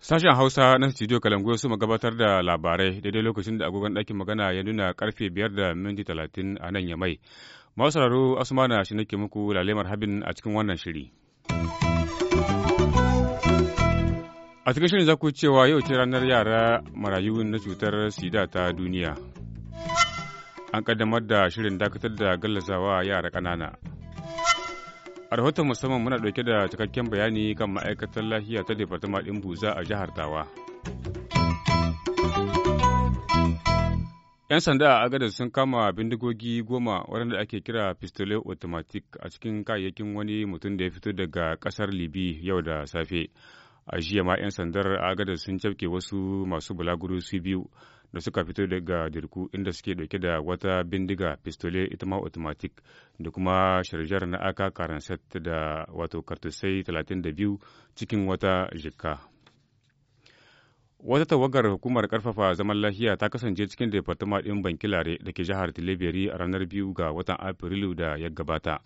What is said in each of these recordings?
Sashen Hausa na studio Kalangu su gabatar da labarai daidai lokacin da agogon ɗakin magana ya nuna karfe biyar da minti talatin a nan ya mai. Masu sauraro Asmana shi nake muku lalemar habin a cikin wannan shiri. A cikin shirin za ku cewa yau ce ranar yara marayu na cutar sida ta duniya. An kaddamar da shirin dakatar da gallazawa yara ƙanana. A rahoton musamman muna ɗauke da cikakken bayani kan ma'aikatar lafiya ta Departama ɗin Buza a jihar Tawa. 'Yan sanda a agadar sun kama bindigogi goma waɗanda ake kira pistole automatic a cikin kayayyakin wani mutum da ya fito daga ƙasar Libi yau da safe. a jiya ma 'yan sandar agadar sun cafke wasu masu bulaguro su biyu da suka fito daga dirku inda suke dauke da wata bindiga pistole ita ma automatic da kuma sharjar na aka karanset da wato kartusai 32 cikin wata jikka wata tawagar hukumar karfafa zaman lafiya ta kasance cikin departama ɗin bankilare da ke jihar tileberi a ranar biyu ga watan afrilu da ya gabata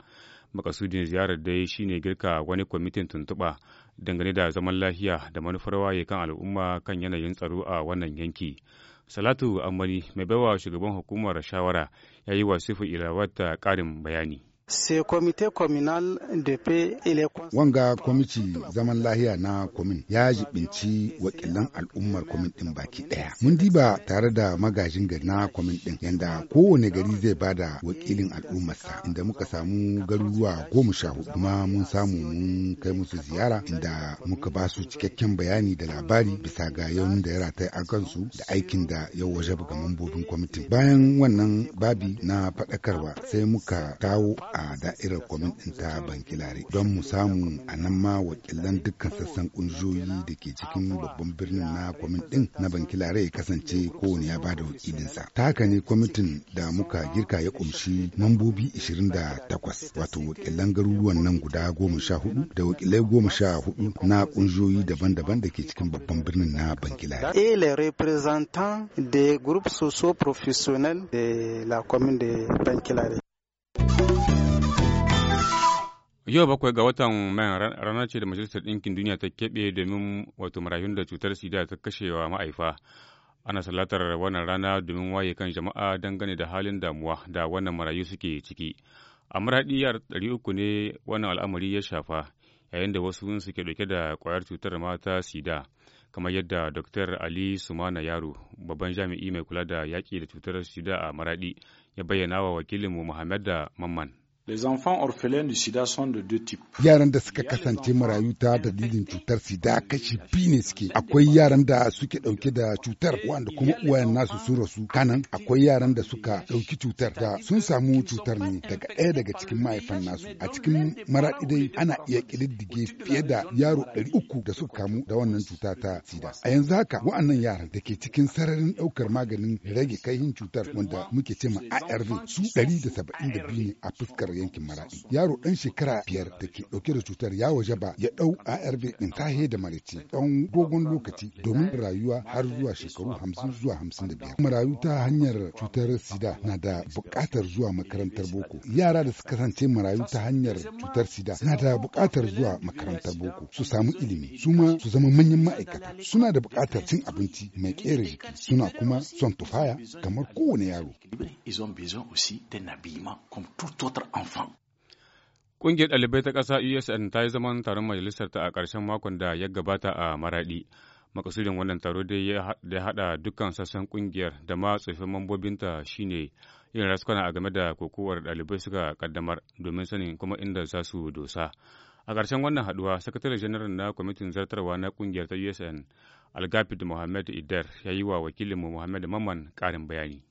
makasudin ziyarar dai shine girka wani kwamitin tuntuɓa dangane da zaman lafiya da manufar waye kan al'umma kan yanayin tsaro a wannan yanki salatu amani mai baiwa shugaban hukumar shawara ya yi wa ilawar ta ƙarin bayani Wanga kwamiti zaman lahiya na kwamin ya jibinci wakilan al'ummar kwamin ɗin baki daya, Mun diba tare da magajin gari na kwamin ɗin yanda kowane gari zai bada wakilin al'ummarsa inda muka samu garuruwa goma sha hudu kuma mun samu mun kai musu ziyara inda muka ba su cikakken bayani da labari bisa ga yawan da ya rata a kansu da aikin da ya waje ga mambobin kwamitin. Bayan wannan babi na faɗakarwa sai muka kawo a da'irar kwamitin ta bankilare don mu samu a nan ma wakilan dukkan sassan kunjoyi da ke cikin babban birnin na kwamitin na bankilare ya kasance kowane ya bada wakilinsa ta haka ne kwamitin da muka girka ya kumshi mambobi 28 wato wakilan garuruwan nan guda goma da wakilai goma na ƙungiyoyi daban-daban da ke cikin babban birnin na bankilare. Et les représentants des groupes socio-professionnels de la commune de Bankilare. Yau bakwai ga watan mayan ranar ce da Majalisar Ɗinkin Duniya ta keɓe domin wato marayun da cutar sida ta kashewa ma'aifa. Ana salatar wannan rana domin waye kan jama'a dangane da halin damuwa da wannan marayu suke ciki. A maraɗi yar ɗari uku ne wannan al'amari ya shafa yayin da wasu suke ɗauke da ƙwayar cutar mata sida. Kamar yadda Dr. Ali Sumana Yaro, babban jami'i mai kula da yaƙi da cutar sida a maraɗi, ya bayyana wa wakilinmu Muhammad da Mamman. Yaran da suka kasance marayu ta dalilin cutar sida kashi biyu ne suke. Akwai yaran da suke ɗauke da cutar wanda kuma uwayen nasu su rasu. Kanan akwai yaran da suka dauki cutar da sun samu cutar ne daga ɗaya daga cikin mahaifan nasu. A cikin maraɗidai dai ana iya ƙididdige fiye da yaro dari uku da suka kamu da wannan cuta ta sida. A yanzu haka wa'annan yaran da ke cikin sararin ɗaukar maganin rage kaihin cutar wanda muke cema ARV su ɗari da saba'in da biyu ne a fuskar yankin Maradi. Yaro dan shekara biyar da ke dauke da cutar ya waje ba ya dau ARV din tahe da marici tsawon dogon lokaci domin rayuwa har zuwa shekaru hamsin zuwa hamsin da biyar. Marayu ta hanyar cutar sida na da bukatar zuwa makarantar boko. Yara da suka kasance marayu ta hanyar cutar sida na da bukatar zuwa makarantar boko su samu ilimi su ma su zama manyan ma'aikata suna da bukatar cin abinci mai ƙera jiki suna kuma son tufaya kamar kowane yaro. Ils ont besoin aussi d'un habillement comme tout autre enfant. fam. Ƙungiyar ɗalibai ta ƙasa USN e ta yi zaman taron majalisar ta a ƙarshen makon da ya gabata a Maraɗi. Makasudin wannan taro dai ya haɗa dukkan sassan ƙungiyar da ma tsofaffin mambobinta shine yin raskwana a game da kokowar ɗalibai suka ƙaddamar domin sanin kuma inda za su dosa. A ƙarshen wannan haɗuwa, Sakatare Janaral na Kwamitin Zartarwa na Ƙungiyar ta USN, e Algafid Mohammed Idar, ya yi wa wakilinmu Mohammed Maman ƙarin bayani.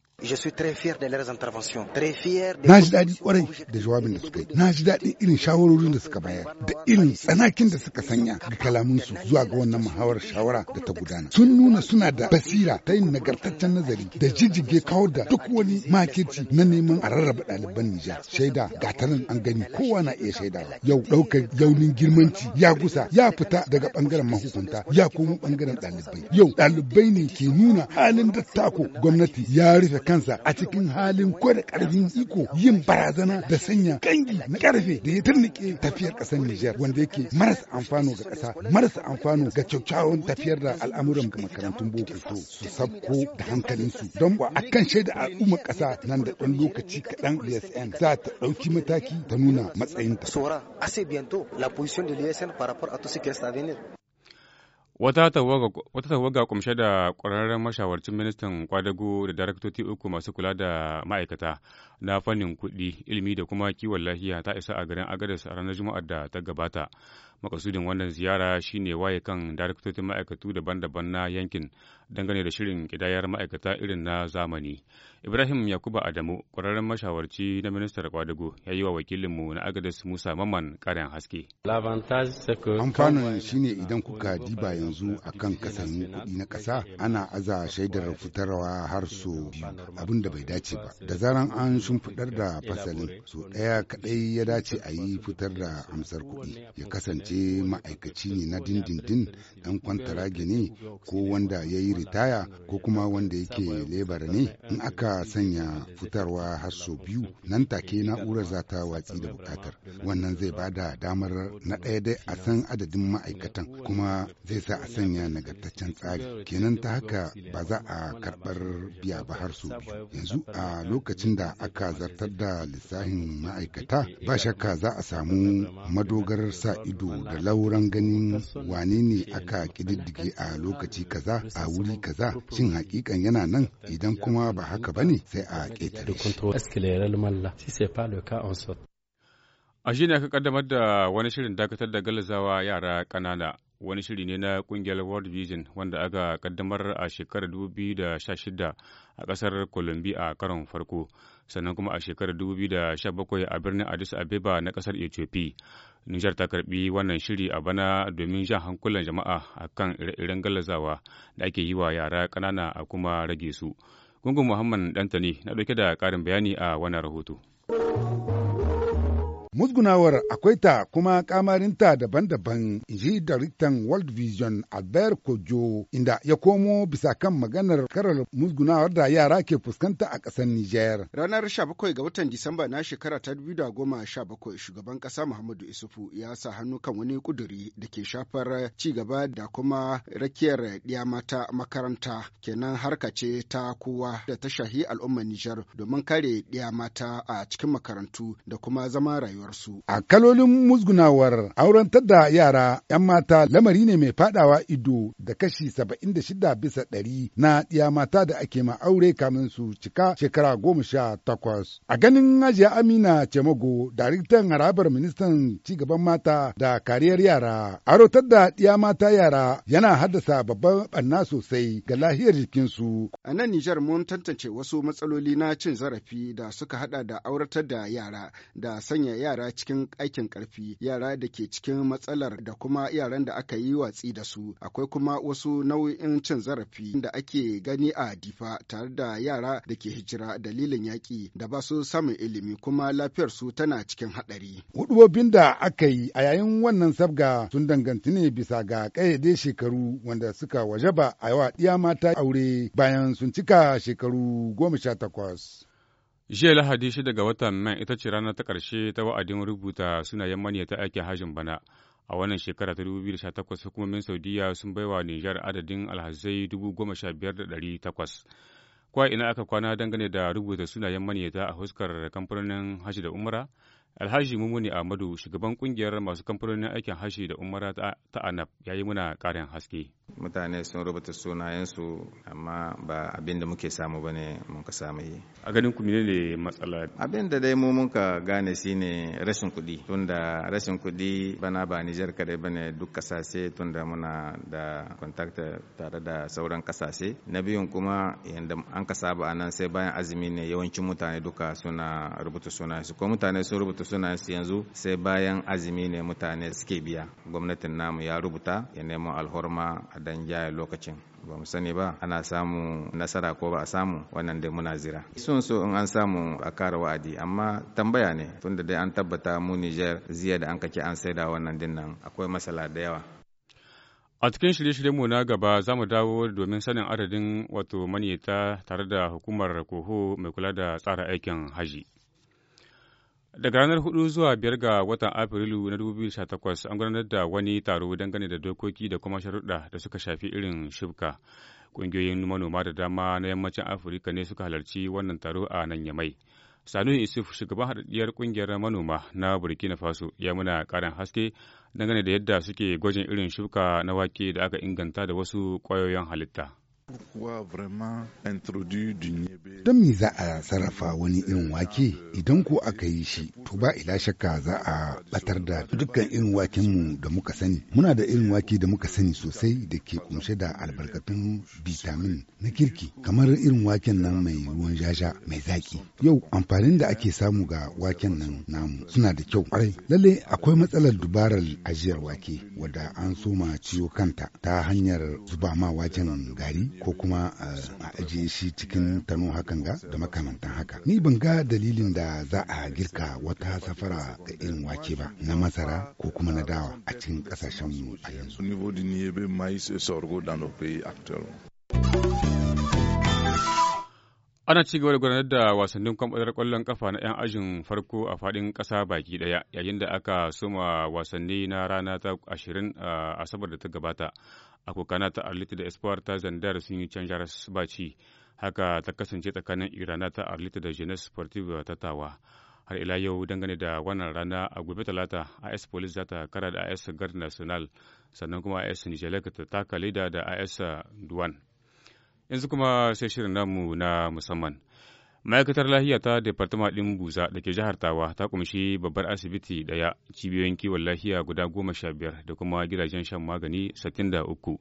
Na ji daɗi kwarai da jawabin da suka yi. Na ji daɗin irin shawarorin da suka bayar da irin tsanakin da suka sanya ga kalamansu zuwa ga wannan muhawarar shawara da ta gudana. Sun nuna suna da basira ta yin nagartaccen nazari da jijjige kawar da duk wani makirci na neman a rarraba ɗaliban Nijar. Shaida ga an gani kowa na iya shaidawa. Yau ɗaukar yaunin girmanci ya gusa ya fita daga ɓangaren mahukunta ya komo ɓangaren ɗalibai. Yau ɗalibai ne ke nuna halin da tako gwamnati ya rufe kansa a cikin halin ko da ƙarfin iko yin barazana da sanya kangi na karfe da ya turnike tafiyar ƙasar Nijar wanda yake marasa amfano ga kasa marasa amfano ga kyakkyawan tafiyar da al'amuran makarantun boko to su sabko da hankalinsu don ba a kan shaida al'ummar ƙasa nan da ɗan lokaci kaɗan DSN za ta ɗauki mataki ta nuna matsayinta. Sora, assez bientôt la position de l'ISN par rapport à tout ce Wata tawaga kumshe da ƙwararren mashawarcin ministan kwadago da daraktoci uku masu kula da ma'aikata na fannin kuɗi, ilimi da kuma kiwon lafiya ta isa a garin Agadez a ranar Juma'ar da ta gabata. makasudin wannan ziyara shine waye kan daraktocin ma'aikatu daban-daban na yankin dangane da shirin kidayar ma'aikata irin na zamani ibrahim yakuba adamu kwararren mashawarci na ministar kwadago ya yi wa wakilinmu na agadas musa maman karen haske amfanin shine idan kuka diba yanzu akan kasannin kuɗi na kasa ana aza shaidar fitarwa har so biyu abin da bai dace ba da zaran an shimfiɗar da fasalin so ɗaya kaɗai ya dace a yi fitar da amsar kuɗi ya kasance kasance ma'aikaci ne na dindindin dan kwantarage ne ko wanda ya yi ritaya ko kuma wanda yake lebar ne in aka sanya fitarwa har sau biyu nan take na'urar za ta watsi da bukatar wannan zai ba da damar na ɗaya dai a san adadin ma'aikatan kuma zai sa a sanya nagartaccen tsari kenan ta haka ba za a karɓar biya ba har sau biyu yanzu a lokacin da aka zartar da lissafin ma'aikata ba shakka za a samu madogarar sa ido da lauran ganin wane ne aka ƙididdige a lokaci kaza a wuri kaza shin hakikan yana nan idan kuma ba haka bane sai a ƙetare shi. A shi ne aka kaddamar da wani shirin dakatar da galazawa yara ƙanana wani shiri ne na kungiyar World Vision wanda aka kaddamar a shekarar 2016 a kasar Colombia a karon farko, sannan kuma a shekarar 2017 a birnin Addis Abeba na kasar Ethiopia. Nijar ta karbi wannan shiri a bana domin jan hankulan jama'a a kan ire-iren da ake yi wa yara kanana a kuma rage su. Gungun Muhammad Dantani na dauke da karin bayani a wannan rahoto. Musgunawar akwai ta kuma kamarinta daban-daban, inji ji daraktan World Vision Albert Kojo, inda ya komo bisa kan maganar karar musgunawar da yara ke fuskanta a ƙasar niger. Ranar 17 ga watan Disamba na shekara ta 2017, shugaban ƙasa Muhammadu Isufu ya sa hannu kan wani kuduri da ke shafar ci gaba da kuma rakiyar ɗiya mata makaranta, kenan harka ce ta kowa da ta shahi al'ummar Nijar domin kare ɗiya mata a cikin makarantu da kuma zama rayuwa rayuwarsu. A kalolin musgunawar aurantar da yara 'yan mata lamari ne mai fadawa ido da kashi saba'in da shida bisa ɗari na ɗiya mata da ake ma aure kamin su cika shekara goma sha takwas. A ganin Hajiya Amina Cemago, daraktan harabar ministan cigaban mata da kariyar yara, arotar da ɗiya mata yara yana haddasa babban ɓanna sosai ga lahiyar jikinsu. A nan Nijar mun tantance wasu matsaloli na cin zarafi da suka hada da auratar da yara da sanya yara yara cikin aikin karfi yara da ke cikin matsalar da kuma yaran da aka yi watsi da su akwai kuma wasu nau'in cin zarafi da ake gani a difa tare da yara da ke hijira dalilin yaƙi da ba su samun ilimi kuma lafiyar su tana cikin haɗari. Hudubobin da aka yi a yayin wannan sabga sun danganci ne bisa ga ƙayyade shekaru wanda suka wajaba a yawa ɗiya mata aure bayan sun cika shekaru goma sha takwas. Jiya Lahadi shida ga watan nan ita ce rana ta ƙarshe ta wa'adin rubuta sunayen manyata aikin hajjin bana. A wannan shekara ta 2018 hukumomin Saudiyya sun bai wa Nijar adadin alhazai 15,800. Kwa ina aka kwana dangane da rubuta sunayen manyata a huskar kamfanonin hajji da umara? Alhaji Mumuni Ahmadu, shugaban kungiyar masu kamfanonin aikin hajji da umara ta Anab, ya yi muna ƙarin haske. mutane sun rubuta sunayensu amma ba abin da muke samu bane mun ka samu yi a ganin ku ne matsala abin da dai mu mun ka gane shine rashin kuɗi tunda rashin kuɗi bana ba Nijar kadai bane duk kasashe tunda muna da contact tare da sauran kasashe na biyun kuma yanda an ka saba anan sai bayan azumi ne yawancin mutane duka suna rubuta sunayensu ko mutane sun rubuta sunayensu yanzu sai bayan azumi ne mutane suke biya gwamnatin namu ya rubuta ya nemo alhorma a dan jaya lokacin ba mu sani ba ana samu nasara ko ba a samu wannan dai muna zira sun so in an samu a kara wa'adi amma tambaya ne tunda dai an tabbata mu Niger ziya da an kake an saida wannan din nan akwai masala da yawa a cikin shirye mu na gaba za mu dawo domin sanin adadin wato manyata tare da hukumar koho mai kula da tsara aikin haji. Daga ranar 4 zuwa 5 ga watan Afrilu na 2018 an gudanar da wani taro dangane da dokoki da kuma sharuɗa da suka shafi irin shibka. Ƙungiyoyin manoma da dama na yammacin Afirka ne suka halarci wannan taro a nan Yamai. Sanu Isuf, shugaban haɗaɗɗiyar ƙungiyar manoma na Burkina Faso, ya muna ƙarin haske dangane da yadda suke gwajin irin shuka na wake da aka inganta da wasu ƙwayoyin halitta. Don me za a sarrafa wani irin wake idan ko aka yi shi to ba ila shakka za a batar da dukkan irin wakenmu da muka sani. Muna da irin wake da muka sani sosai da ke kunshe da albarkatun bitamin na kirki kamar irin waken nan mai ruwan jaja mai zaki. Yau amfanin da ake samu ga waken nan namu suna da kyau kwarai. Lalle akwai matsalar dubarar ajiyar wake wadda an soma ciwo kanta ta hanyar zuba ma waken gari ko kuma eh, a ajiye shi cikin tano hakan ga da makamantan haka ni ban ga dalilin da za a girka wata safara ga irin wake ba na masara ko kuma na dawa a cikin kasashen mu a yanzu ana ci gaba da gudanar da wasannin kwamfutar kwallon kafa na 'yan ajin farko a fadin kasa baki daya yayin da aka soma wasanni na rana ta 20 a eh, asabar da ta gabata akokana ta arlita da espoir ta zandar sun yi canjar baci haka ta kasance tsakanin irana ta arlita da jeunesse sportive ta tawa har ila yau dangane da wannan rana a gobe talata as police za ta kara da as guard national sannan kuma as nigeria ta taka leda da as duwan yanzu kuma sai shirin namu na musamman ma'aikatar lahiya ta departama ɗin buza da ke jihar tawa ta kumshi babbar asibiti ɗaya cibiyoyin kiwon lahiya guda goma sha biyar da kuma gidajen shan magani sittin da uku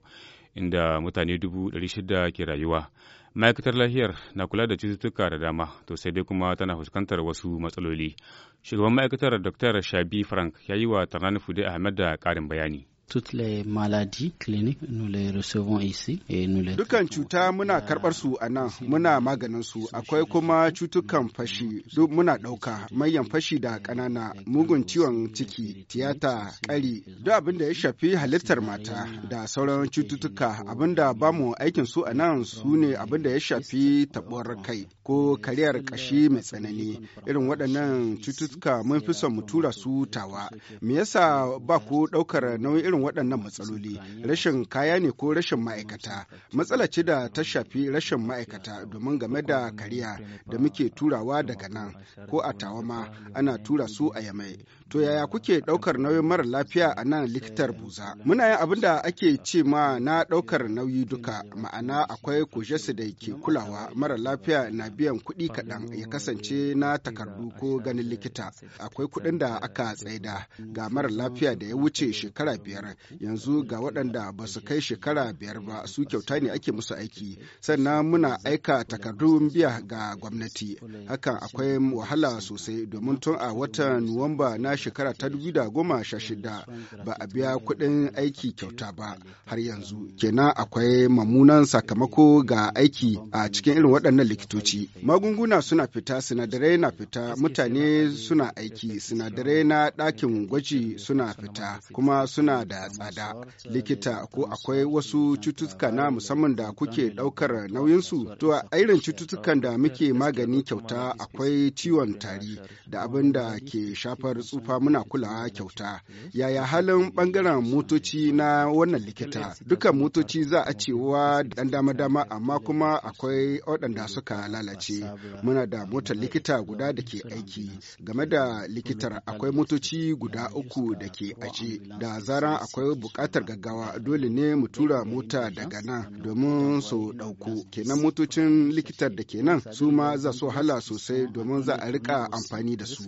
inda mutane dubu ɗari shida ke rayuwa ma'aikatar lahiyar na kula da cututtuka da dama to sai dai kuma tana fuskantar wasu matsaloli shugaban ma'aikatar dr shabi frank ya yi wa tarani fude ahmed da ƙarin bayani Toutes les maladies cliniques, nous les recevons ici et nous Dukan cuta muna karɓar su a nan, muna maganin su. Akwai kuma cutukan fashi, duk muna ɗauka, manyan fashi da ƙanana, mugun ciwon ciki, tiyata, ƙari, duk abinda ya shafi halittar mata da sauran cututtuka abinda ba mu aikin su a nan su ne abin ya shafi taɓuwar kai ko kariyar ƙashi mai tsanani. Irin waɗannan cututtuka mun fi son mu tura su tawa. Me yasa ba ku ɗaukar nauyin irin waɗannan matsaloli rashin kaya ne ko rashin ma'aikata matsala ce da ta shafi rashin ma'aikata domin game da kariya da muke turawa daga nan ko a tawama ana tura su a yamai to yaya kuke ɗaukar nauyin mara lafiya a nan likitar buza muna yin abin da ake ce ma na ɗaukar nauyi duka ma'ana akwai kujesu da ke kulawa mara lafiya na biyan kuɗi kaɗan ya kasance na takardu ko ganin likita akwai kuɗin da aka tsaida ga mara lafiya da ya wuce shekara biyar biyar yanzu ga waɗanda ba su kai shekara biyar ba su kyauta ne ake musu aiki sannan muna aika takardun biya ga gwamnati hakan akwai wahala sosai domin tun a watan nuwamba na shekara ta da goma sha shida ba a biya kuɗin aiki kyauta ba har yanzu kenan akwai mamunan sakamako ga aiki a cikin irin waɗannan likitoci magunguna suna fita sinadarai na fita mutane suna aiki sinadarai na ɗakin gwaji suna fita kuma suna da da tsada likita ko akwai wasu cututtuka na musamman da kuke ɗaukar nauyinsu to a irin cututtukan da muke magani kyauta akwai ciwon tari da abin da ke shafar tsufa muna kulawa kyauta yaya halin ɓangaren motoci na wannan likita dukan motoci za a cewa dan dama-dama amma kuma akwai waɗanda suka lalace muna da motar likita guda da ke aiki game da likitar akwai motoci guda uku da ke aji da zaran akwai bukatar gaggawa dole ne mu tura mota daga nan domin su ɗauko kenan motocin likitar da ke nan su ma za su hala sosai domin za a rika amfani da su.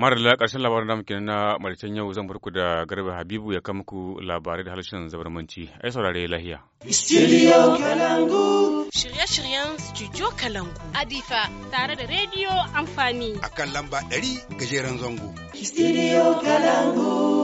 Marala karshen labarin da muke na maricen yau zan barku da garba Habibu ya kama ku labarai da harshen zabarmanci. Ai saurare lahiya. Studio Kalangu. Shirye-shiryen Studio Kalangu. Adifa tare da rediyo amfani. Akan lamba 100 gajeren zango. Studio Kalangu.